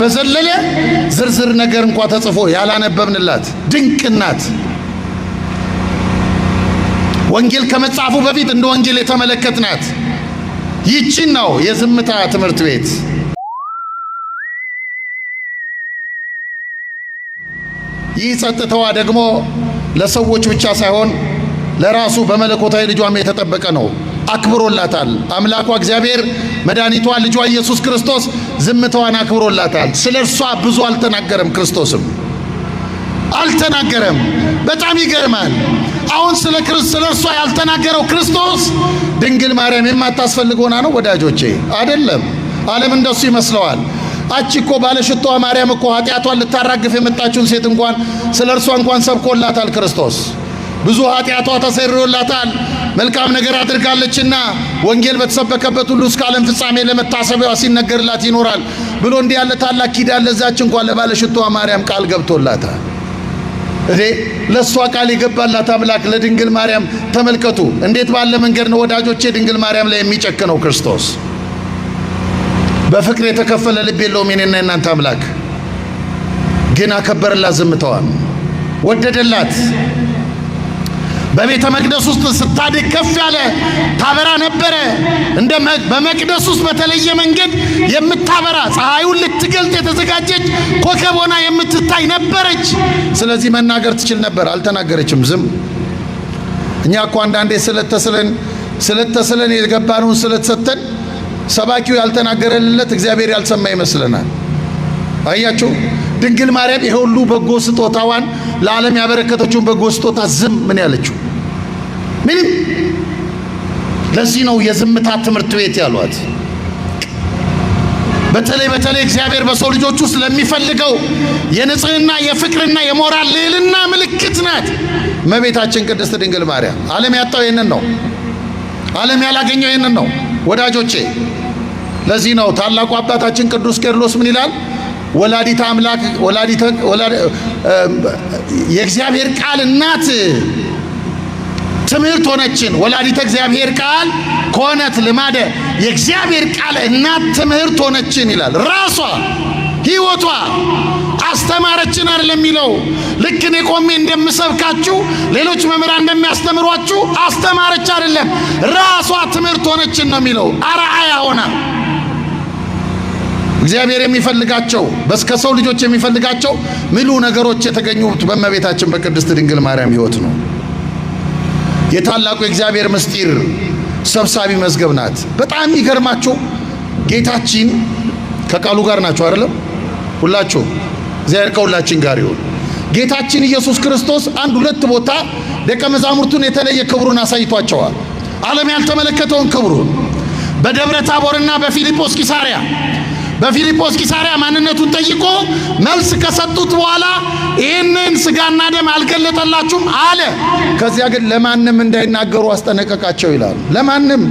በዘለለ ዝርዝር ነገር እንኳ ተጽፎ ያላነበብንላት ድንቅ ናት። ወንጌል ከመጻፉ በፊት እንደ ወንጌል የተመለከትናት ይቺን ነው የዝምታ ትምህርት ቤት። ይህ ጸጥታዋ ደግሞ ለሰዎች ብቻ ሳይሆን ለራሱ በመለኮታዊ ልጇም የተጠበቀ ነው። አክብሮላታል። አምላኳ እግዚአብሔር መድኃኒቷ ልጇ ኢየሱስ ክርስቶስ ዝምታዋን አክብሮላታል። ስለ እርሷ ብዙ አልተናገረም። ክርስቶስም አልተናገረም። በጣም ይገርማል። አሁን ስለ ስለ እርሷ ያልተናገረው ክርስቶስ ድንግል ማርያም የማታስፈልግ ሆና ነው ወዳጆቼ? አይደለም። ዓለም እንደሱ ይመስለዋል። አቺ እኮ ማርያም እኮ ኃጢአቷን ልታራግፍ የመጣችውን ሴት እንኳን ስለ እርሷ እንኳን ሰብኮላታል ክርስቶስ ብዙ ኃጢአቷ ተሰርዮላታል። መልካም ነገር አድርጋለችና ወንጌል በተሰበከበት ሁሉ እስከ ዓለም ፍጻሜ ለመታሰቢያዋ ሲነገርላት ይኖራል ብሎ እንዲህ ያለ ታላቅ ኪዳን ለዛች እንኳን ለባለሽቷ ማርያም ቃል ገብቶላታል። እዴ ለእሷ ቃል የገባላት አምላክ ለድንግል ማርያም ተመልከቱ፣ እንዴት ባለ መንገድ ነው ወዳጆቼ ድንግል ማርያም ላይ የሚጨክነው ክርስቶስ። በፍቅር የተከፈለ ልብ የለውም የኔና የናንተ አምላክ። ግን አከበርላት ዘምተዋል። ወደደላት በቤተ መቅደስ ውስጥ ስታድግ ከፍ ያለ ታበራ ነበረ። እንደ በመቅደስ ውስጥ በተለየ መንገድ የምታበራ ፀሐዩን ልትገልጥ የተዘጋጀች ኮከብ ሆና የምትታይ ነበረች። ስለዚህ መናገር ትችል ነበር፣ አልተናገረችም። ዝም እኛ እኮ አንዳንዴ ስለተስለን ስለተስለን የገባነውን ስለተሰተን ሰባኪው ያልተናገረለት እግዚአብሔር ያልሰማ ይመስለናል። አያችሁ ድንግል ማርያም የሁሉ በጎ ስጦታዋን ለዓለም ያበረከተችውን በጎ ስጦታ ዝም ምን ያለችው ምንም። ለዚህ ነው የዝምታ ትምህርት ቤት ያሏት። በተለይ በተለይ እግዚአብሔር በሰው ልጆች ውስጥ ለሚፈልገው የንጽህና የፍቅርና የሞራል ልዕልና ምልክት ናት እመቤታችን ቅድስት ድንግል ማርያም። ዓለም ያጣው ይህንን ነው። ዓለም ያላገኘው ይህንን ነው ወዳጆቼ። ለዚህ ነው ታላቁ አባታችን ቅዱስ ቄርሎስ ምን ይላል? ወላዲተ አምላክ ወላዲተ የእግዚአብሔር ቃል እናት ትምህርት ሆነችን ወላዲተ እግዚአብሔር ቃል ኮነት ልማደ የእግዚአብሔር ቃል እናት ትምህርት ሆነችን ይላል። ራሷ ህይወቷ አስተማረችን አይደለም የሚለው። ልክ እኔ ቆሜ እንደምሰብካችሁ ሌሎች መምህራን እንደሚያስተምሯችሁ አስተማረች አይደለም፣ ራሷ ትምህርት ሆነችን ነው የሚለው። አርአያ ሆና እግዚአብሔር የሚፈልጋቸው በስከ ሰው ልጆች የሚፈልጋቸው ምሉ ነገሮች የተገኙት በእመቤታችን በቅድስት ድንግል ማርያም ህይወት ነው። የታላቁ የእግዚአብሔር ምስጢር ሰብሳቢ መዝገብ ናት። በጣም የሚገርማችሁ ጌታችን ከቃሉ ጋር ናቸው አይደለም? ሁላችሁ እግዚአብሔር ከሁላችን ጋር ይሁን። ጌታችን ኢየሱስ ክርስቶስ አንድ ሁለት ቦታ ደቀ መዛሙርቱን የተለየ ክብሩን አሳይቷቸዋል። ዓለም ያልተመለከተውን ክብሩን በደብረ ታቦርና በፊልጶስ ቂሳሪያ በፊልጶስ ቂሳሪያ ማንነቱን ጠይቆ መልስ ከሰጡት በኋላ ይህንን ስጋና ደም አልገለጠላችሁም አለ። ከዚያ ግን ለማንም እንዳይናገሩ አስጠነቀቃቸው ይላሉ። ለማንም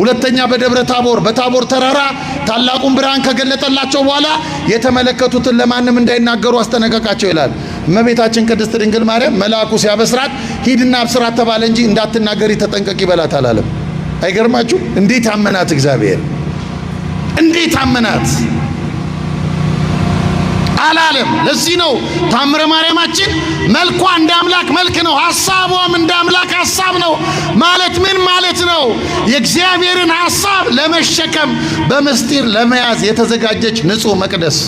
ሁለተኛ በደብረ ታቦር በታቦር ተራራ ታላቁን ብርሃን ከገለጠላቸው በኋላ የተመለከቱትን ለማንም እንዳይናገሩ አስጠነቀቃቸው ይላል። እመቤታችን ቅድስት ድንግል ማርያም መልአኩ ሲያበስራት ሂድና አብስራት ተባለ እንጂ እንዳትናገሪ ተጠንቀቅ ይበላት አላለም። አይገርማችሁ? እንዴት አመናት እግዚአብሔር እንዴት አመናት አላለም። ለዚህ ነው ታምረ ማርያማችን መልኳ እንደ አምላክ መልክ ነው፣ ሐሳቧም እንደ አምላክ ሐሳብ ነው። ማለት ምን ማለት ነው? የእግዚአብሔርን ሐሳብ ለመሸከም በምስጢር ለመያዝ የተዘጋጀች ንጹሕ መቅደስ።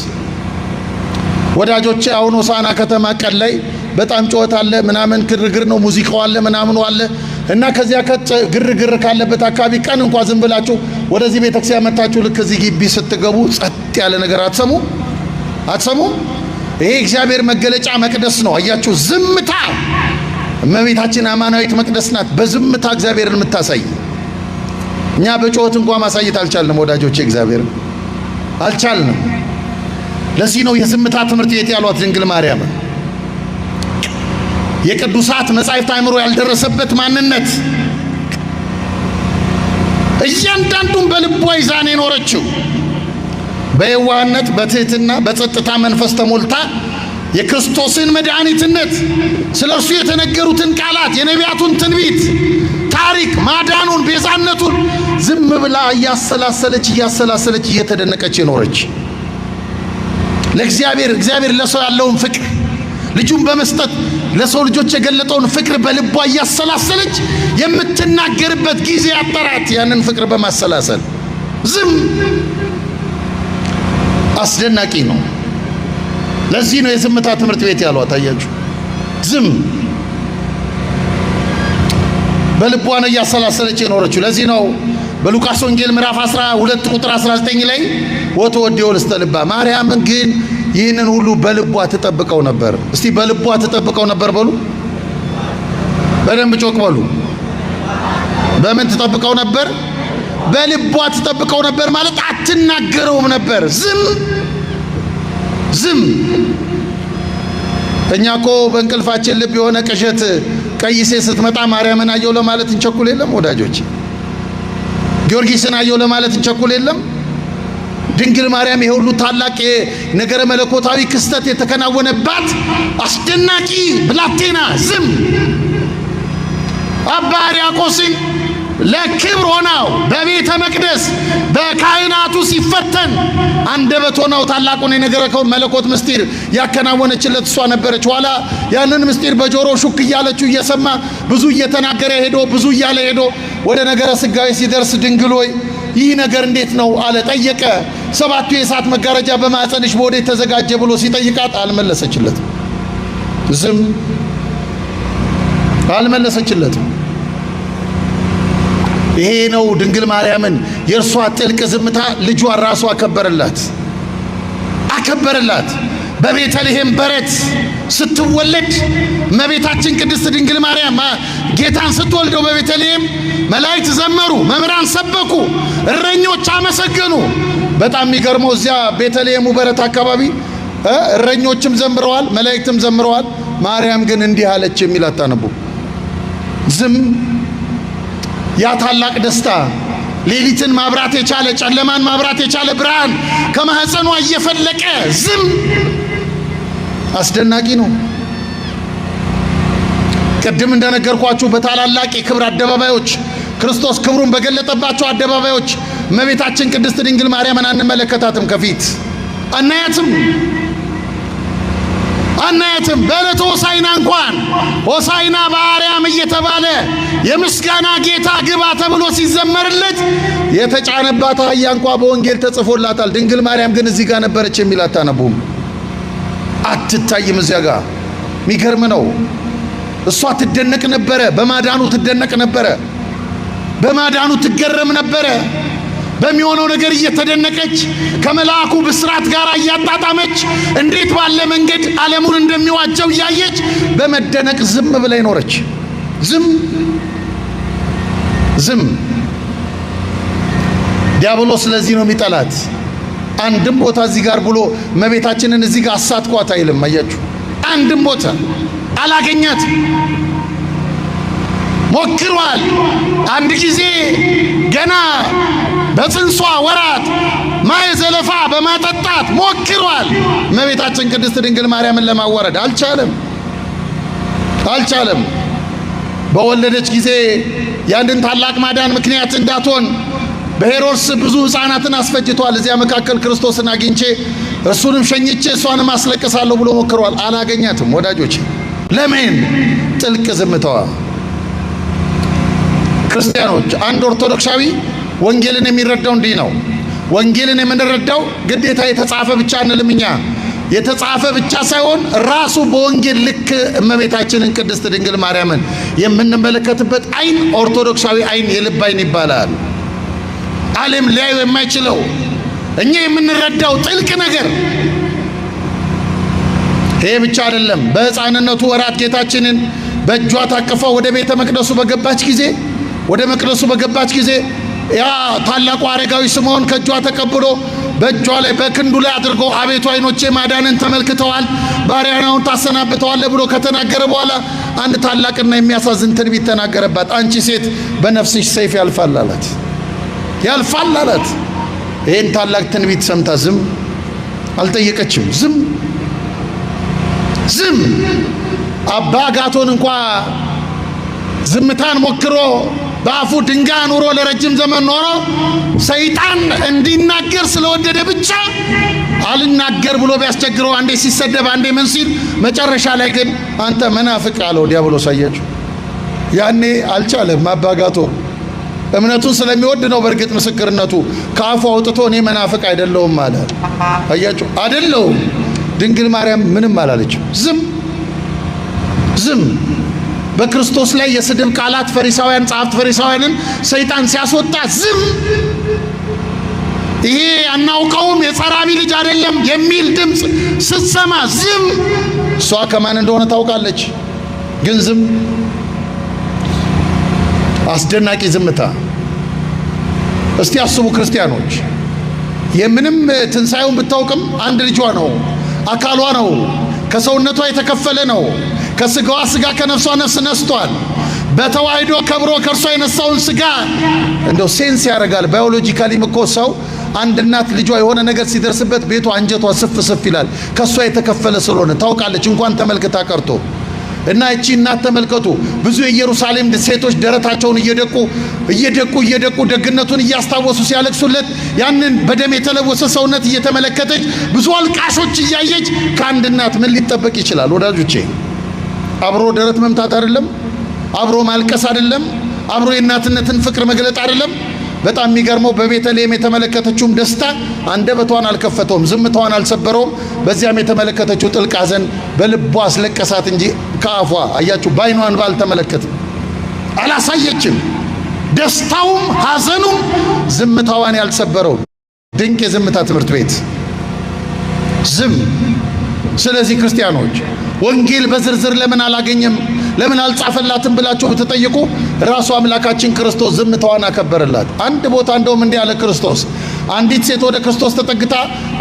ወዳጆቼ አሁን ሆሳዕና ከተማ ቀን ላይ በጣም ጩኸት አለ፣ ምናምን ግርግር ነው፣ ሙዚቃው አለ፣ ምናምኑ አለ። እና ከዚያ ግርግር ካለበት አካባቢ ቀን እንኳ ዝም ብላችሁ ወደዚህ ቤተክርስቲያን መታችሁ ልክ እዚህ ግቢ ስትገቡ ጸጥ ያለ ነገር አትሰሙ አትሰሙ። ይሄ እግዚአብሔር መገለጫ መቅደስ ነው። አያችሁ፣ ዝምታ እመቤታችን አማናዊት መቅደስ ናት። በዝምታ እግዚአብሔርን የምታሳይ እኛ በጩኸት እንኳ ማሳየት አልቻልንም። ወዳጆች እግዚአብሔር አልቻልንም። ለዚህ ነው የዝምታ ትምህርት ቤት ያሏት ድንግል ማርያም የቅዱሳት መጻሕፍት አእምሮ ያልደረሰበት ማንነት እያንዳንዱን በልቧ ይዛን የኖረችው በየዋህነት በትህትና በጸጥታ መንፈስ ተሞልታ የክርስቶስን መድኃኒትነት ስለ እርሱ የተነገሩትን ቃላት የነቢያቱን ትንቢት ታሪክ ማዳኑን ቤዛነቱን ዝም ብላ እያሰላሰለች እያሰላሰለች እየተደነቀች የኖረች ለእግዚአብሔር እግዚአብሔር ለሰው ያለውን ፍቅር ልጁን በመስጠት ለሰው ልጆች የገለጠውን ፍቅር በልቧ እያሰላሰለች የምትናገርበት ጊዜ አጠራት። ያንን ፍቅር በማሰላሰል ዝም አስደናቂ ነው። ለዚህ ነው የዝምታ ትምህርት ቤት ያለው። አያችሁ፣ ዝም በልቧ ነው እያሰላሰለች የኖረችው። ለዚህ ነው በሉቃስ ወንጌል ምዕራፍ 12 ቁጥር 19 ላይ ወትወዴው እልስተ ልባ ማርያምን ግን ይህንን ሁሉ በልቧ ትጠብቀው ነበር። እስቲ በልቧ ትጠብቀው ነበር በሉ፣ በደንብ ጮክ በሉ። በምን ትጠብቀው ነበር? በልቧ ትጠብቀው ነበር ማለት አትናገረውም ነበር። ዝም ዝም። እኛ እኮ በእንቅልፋችን ልብ የሆነ ቅዠት ቀይሴ ስትመጣ ማርያምን አየው ለማለት እንቸኩል የለም ወዳጆች፣ ጊዮርጊስን አየው ለማለት እንቸኩል የለም ድንግል ማርያም ይሄ ታላቅ ነገረ መለኮታዊ ክስተት የተከናወነባት አስደናቂ ብላቴና ዝም አባ ሕርያቆስን ለክብር ሆናው በቤተ መቅደስ በካህናቱ ሲፈተን አንደበት ሆናው ታላቁን የነገረ መለኮት ምስጢር ያከናወነችለት እሷ ነበረች። ኋላ ያንን ምስጢር በጆሮ ሹክ እያለችው እየሰማ ብዙ እየተናገረ ሄዶ ብዙ እያለ ሄዶ ወደ ነገረ ስጋዊ ሲደርስ ድንግል ሆይ ይህ ነገር እንዴት ነው አለ ጠየቀ። ሰባቱ የእሳት መጋረጃ በማዕፀንሽ በወዴት ተዘጋጀ ብሎ ሲጠይቃት አልመለሰችለትም። ዝም አልመለሰችለትም። ይሄ ነው ድንግል ማርያምን የእርሷ ጥልቅ ዝምታ። ልጇን ራሱ አከበረላት አከበረላት። በቤተልሔም በረት ስትወለድ እመቤታችን ቅድስት ድንግል ማርያም ጌታን ስትወልደው በቤተልሔም መላእክት ዘመሩ፣ መምህራን ሰበኩ፣ እረኞች አመሰገኑ። በጣም የሚገርመው እዚያ ቤተልሔሙ በረት አካባቢ እረኞችም ዘምረዋል፣ መላእክትም ዘምረዋል። ማርያም ግን እንዲህ አለች የሚል አታነቡ። ዝም ያ ታላቅ ደስታ ሌሊትን ማብራት የቻለ ጨለማን ማብራት የቻለ ብርሃን ከማህፀኗ እየፈለቀ ዝም አስደናቂ ነው። ቅድም እንደነገርኳችሁ በታላላቅ የክብር አደባባዮች ክርስቶስ ክብሩን በገለጠባቸው አደባባዮች እመቤታችን ቅድስት ድንግል ማርያምን አንመለከታትም። ከፊት አናያትም አናያትም። በዕለቱ ሆሳይና እንኳን ሆሳይና በአርያም እየተባለ የምስጋና ጌታ ግባ ተብሎ ሲዘመርለት የተጫነባት አህያ እንኳ በወንጌል ተጽፎላታል። ድንግል ማርያም ግን እዚህ ጋር ነበረች የሚል አታነቡም፣ አትታይም። እዚያ ጋር የሚገርም ነው። እሷ ትደነቅ ነበረ፣ በማዳኑ ትደነቅ ነበረ፣ በማዳኑ ትገረም ነበረ። በሚሆነው ነገር እየተደነቀች ከመልአኩ ብስራት ጋር እያጣጣመች እንዴት ባለ መንገድ ዓለሙን እንደሚዋጀው እያየች በመደነቅ ዝም ብላ ይኖረች። ዝም ዝም። ዲያብሎስ ስለዚህ ነው የሚጠላት። አንድም ቦታ እዚህ ጋር ብሎ መቤታችንን እዚህ ጋር አሳትኳት አይልም። አያችሁ፣ አንድም ቦታ አላገኛት ሞክሯል። አንድ ጊዜ ገና በጽንሷ ወራት ማይ ዘለፋ በማጠጣት ሞክሯል። እመቤታችን ቅድስት ድንግል ማርያምን ለማዋረድ አልቻለም አልቻለም። በወለደች ጊዜ ያንድን ታላቅ ማዳን ምክንያት እንዳትሆን በሄሮድስ ብዙ ሕፃናትን አስፈጅቷል። እዚያ መካከል ክርስቶስን አግኝቼ እሱንም ሸኝቼ እሷንም አስለቅሳለሁ ብሎ ሞክሯል። አላገኛትም። ወዳጆች ለምን ጥልቅ ዝምታዋ? ክርስቲያኖች አንድ ኦርቶዶክሳዊ ወንጌልን የሚረዳው እንዲህ ነው። ወንጌልን የምንረዳው ግዴታ የተጻፈ ብቻ አንልም እኛ የተጻፈ ብቻ ሳይሆን ራሱ በወንጌል ልክ እመቤታችንን ቅድስት ድንግል ማርያምን የምንመለከትበት አይን ኦርቶዶክሳዊ አይን የልብ አይን ይባላል። ዓለም ሊያዩ የማይችለው እኛ የምንረዳው ጥልቅ ነገር። ይሄ ብቻ አይደለም። በሕፃንነቱ ወራት ጌታችንን በእጇ ታቅፋ ወደ ቤተ መቅደሱ በገባች ጊዜ ወደ መቅደሱ በገባች ጊዜ ያ ታላቁ አረጋዊ ስምዖን ከእጇ ተቀብሎ በእጇ ላይ በክንዱ ላይ አድርጎ አቤቱ ዓይኖቼ ማዳንን ተመልክተዋል፣ ባሪያናውን ታሰናብተዋለ ብሎ ከተናገረ በኋላ አንድ ታላቅና የሚያሳዝን ትንቢት ተናገረባት። አንቺ ሴት በነፍስሽ ሰይፍ ያልፋል አላት፣ ያልፋል አላት። ይህን ታላቅ ትንቢት ሰምታ ዝም አልጠየቀችም። ዝም ዝም አባ ጋቶን እንኳ ዝምታን ሞክሮ በአፉ ድንጋይ ኑሮ ለረጅም ዘመን ኖሮ ሰይጣን እንዲናገር ስለወደደ ብቻ አልናገር ብሎ ቢያስቸግረው አንዴ ሲሰደብ አንዴ ምን ሲል መጨረሻ ላይ ግን አንተ መናፍቅ አለው ዲያብሎስ። አያችሁ፣ ያኔ አልቻለም ማባጋቶ እምነቱን ስለሚወድ ነው። በእርግጥ ምስክርነቱ ከአፉ አውጥቶ እኔ መናፍቅ አይደለሁም አለ። አያችሁ አይደለሁም። ድንግል ማርያም ምንም አላለችም። ዝም ዝም በክርስቶስ ላይ የስድብ ቃላት ፈሪሳውያን ጸሐፍት ፈሪሳውያንን ሰይጣን ሲያስወጣ ዝም ይሄ አናውቀውም የጸራቢ ልጅ አይደለም የሚል ድምፅ ስትሰማ ዝም። እሷ ከማን እንደሆነ ታውቃለች፣ ግን ዝም። አስደናቂ ዝምታ። እስቲ አስቡ ክርስቲያኖች፣ የምንም ትንሣኤውን ብታውቅም አንድ ልጇ ነው፣ አካሏ ነው፣ ከሰውነቷ የተከፈለ ነው ከስጋዋ ስጋ ከነፍሷ ነፍስ ነስቷል። በተዋህዶ ከብሮ ከእርሷ የነሳውን ስጋ እንደው ሴንስ ያደርጋል። ባዮሎጂካሊም እኮ ሰው አንድ እናት ልጇ የሆነ ነገር ሲደርስበት ቤቷ አንጀቷ ስፍ ስፍ ይላል። ከእሷ የተከፈለ ስለሆነ ታውቃለች። እንኳን ተመልክታ ቀርቶ እና እቺ እናት ተመልከቱ፣ ብዙ የኢየሩሳሌም ሴቶች ደረታቸውን እየደቁ እየደቁ እየደቁ ደግነቱን እያስታወሱ ሲያለቅሱለት ያንን በደም የተለወሰ ሰውነት እየተመለከተች ብዙ አልቃሾች እያየች ከአንድ እናት ምን ሊጠበቅ ይችላል ወዳጆቼ? አብሮ ደረት መምታት አይደለም፣ አብሮ ማልቀስ አይደለም፣ አብሮ የእናትነትን ፍቅር መግለጥ አይደለም። በጣም የሚገርመው በቤተልሔም የተመለከተችውም ደስታ አንደበቷን አልከፈተውም፣ ዝምታዋን አልሰበረውም። በዚያም የተመለከተችው ጥልቅ ሐዘን በልቧ አስለቀሳት እንጂ ከአፏ አያችሁ፣ ባይኗን እንባ አላሳየችም። ደስታውም ሐዘኑም ዝምታዋን ያልሰበረው ድንቅ የዝምታ ትምህርት ቤት ዝም ስለዚህ ክርስቲያኖች ወንጌል በዝርዝር ለምን አላገኘም ለምን አልጻፈላትም ብላችሁ ብትጠይቁ ራሱ አምላካችን ክርስቶስ ዝምታዋን አከበረላት። አንድ ቦታ እንደውም እንዲህ አለ ክርስቶስ አንዲት ሴት ወደ ክርስቶስ ተጠግታ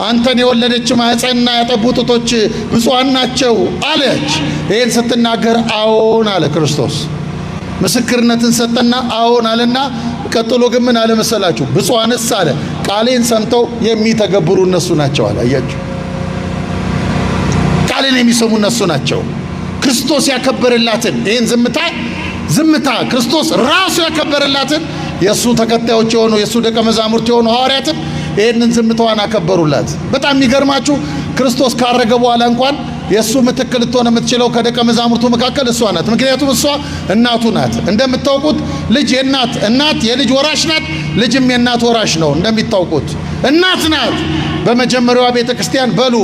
አንተን የወለደች ማኅፀንና ያጠቡ ጡቶች ብፁዓን ናቸው አለች። ይህን ስትናገር አዎን አለ ክርስቶስ። ምስክርነትን ሰጠና አዎን አለና ቀጥሎ ግን ምን አለ መሰላችሁ? ብፁዓንስ አለ ቃሌን ሰምተው የሚተገብሩ እነሱ ናቸው አለ። አያችሁ ቃልን የሚሰሙ እነሱ ናቸው። ክርስቶስ ያከበረላትን ይህን ዝምታ ዝምታ ክርስቶስ ራሱ ያከበረላትን የእሱ ተከታዮች የሆኑ የእሱ ደቀ መዛሙርት የሆኑ ሐዋርያትም ይህንን ዝምታዋን አከበሩላት። በጣም የሚገርማችሁ ክርስቶስ ካረገ በኋላ እንኳን የእሱ ምትክ ልትሆን የምትችለው ከደቀ መዛሙርቱ መካከል እሷ ናት። ምክንያቱም እሷ እናቱ ናት። እንደምታውቁት ልጅ የእናት እናት የልጅ ወራሽ ናት። ልጅም የእናት ወራሽ ነው እንደሚታውቁት እናት ናት። በመጀመሪያዋ ቤተ ክርስቲያን በሉ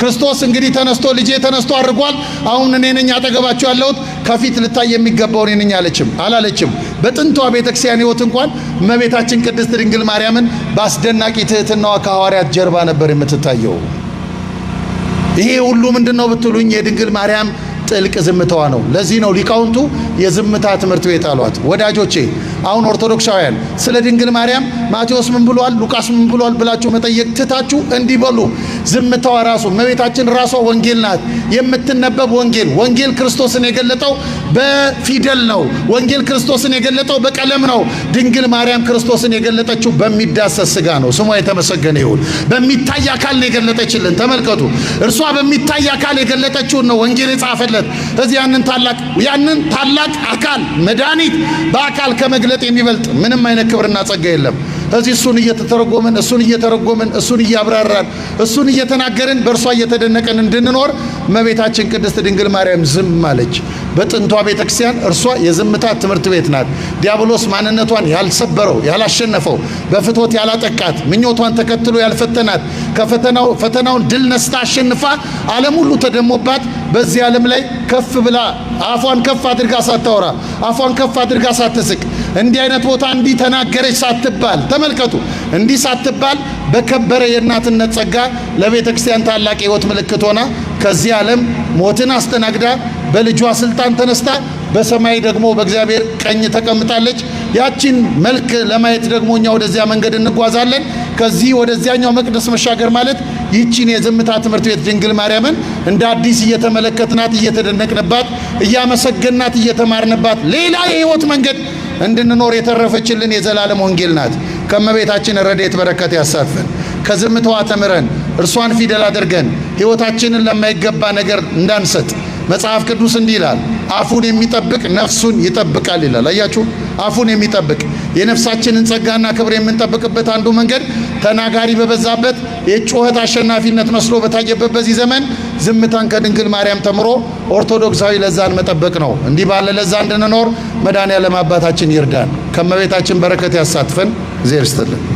ክርስቶስ እንግዲህ ተነስቶ ልጄ ተነስቶ አድርጓል፣ አሁን እኔ ነኝ አጠገባችሁ ያለሁት፣ ከፊት ልታይ የሚገባው እኔ ነኝ አለችም አላለችም? በጥንቷ ቤተክርስቲያን ሕይወት እንኳን እመቤታችን ቅድስት ድንግል ማርያምን በአስደናቂ ትህትናዋ ከሐዋርያት ጀርባ ነበር የምትታየው። ይሄ ሁሉ ምንድን ነው ብትሉኝ የድንግል ማርያም ጥልቅ ዝምታዋ ነው። ለዚህ ነው ሊቃውንቱ የዝምታ ትምህርት ቤት አሏት። ወዳጆቼ አሁን ኦርቶዶክሳውያን ስለ ድንግል ማርያም ማቴዎስ ምን ብሏል፣ ሉቃስ ምን ብሏል ብላችሁ መጠየቅ ትታችሁ እንዲበሉ ዝምታዋ ራሱ እመቤታችን ራሷ ወንጌል ናት። የምትነበብ ወንጌል ወንጌል ክርስቶስን የገለጠው በፊደል ነው። ወንጌል ክርስቶስን የገለጠው በቀለም ነው። ድንግል ማርያም ክርስቶስን የገለጠችው በሚዳሰስ ስጋ ነው። ስሟ የተመሰገነ ይሁን። በሚታይ አካል ነው የገለጠችልን። ተመልከቱ፣ እርሷ በሚታይ አካል የገለጠችውን ነው ወንጌል የጻፈልን ማለት እዚህ ያንን ታላቅ ያንን ታላቅ አካል መድኃኒት በአካል ከመግለጥ የሚበልጥ ምንም አይነት ክብርና ጸጋ የለም። እዚህ እሱን እየተተረጎምን እሱን እየተረጎምን እሱን እያብራራን እሱን እየተናገርን በእርሷ እየተደነቀን እንድንኖር እመቤታችን ቅድስት ድንግል ማርያም ዝም አለች። በጥንቷ ቤተክርስቲያን እርሷ የዝምታ ትምህርት ቤት ናት። ዲያብሎስ ማንነቷን ያልሰበረው ያላሸነፈው፣ በፍትት ያላጠቃት፣ ምኞቷን ተከትሎ ያልፈተናት ከፈተናው ፈተናውን ድል ነስታ አሸንፋ ዓለም ሁሉ ተደሞባት በዚህ ዓለም ላይ ከፍ ብላ አፏን ከፍ አድርጋ ሳታወራ አፏን ከፍ አድርጋ ሳትስቅ እንዲህ አይነት ቦታ እንዲህ ተናገረች ሳትባል ተመልከቱ፣ እንዲህ ሳትባል በከበረ የእናትነት ጸጋ ለቤተ ክርስቲያን ታላቅ የህይወት ምልክት ሆና ከዚህ ዓለም ሞትን አስተናግዳ በልጇ ስልጣን ተነስታ በሰማይ ደግሞ በእግዚአብሔር ቀኝ ተቀምጣለች። ያቺን መልክ ለማየት ደግሞ እኛ ወደዚያ መንገድ እንጓዛለን። ከዚህ ወደዚያኛው መቅደስ መሻገር ማለት ይቺን የዝምታ ትምህርት ቤት ድንግል ማርያምን እንደ አዲስ እየተመለከትናት፣ እየተደነቅንባት፣ እያመሰገንናት፣ እየተማርንባት ሌላ የህይወት መንገድ እንድንኖር የተረፈችልን የዘላለም ወንጌል ናት። ከመቤታችን ረድኤት በረከት ያሳትፈን። ከዝምታዋ ተምረን እርሷን ፊደል አድርገን ሕይወታችንን ለማይገባ ነገር እንዳንሰጥ መጽሐፍ ቅዱስ እንዲህ ይላል አፉን የሚጠብቅ ነፍሱን ይጠብቃል ይላል። አያችሁ፣ አፉን የሚጠብቅ የነፍሳችንን ጸጋና ክብር የምንጠብቅበት አንዱ መንገድ ተናጋሪ በበዛበት የጩኸት አሸናፊነት መስሎ በታየበት በዚህ ዘመን ዝምታን ከድንግል ማርያም ተምሮ ኦርቶዶክሳዊ ለዛን መጠበቅ ነው። እንዲህ ባለ ለዛ እንድንኖር መድኃኔዓለም አባታችን ይርዳን፣ ከመቤታችን በረከት ያሳትፈን። እግዜር ይስጥልን።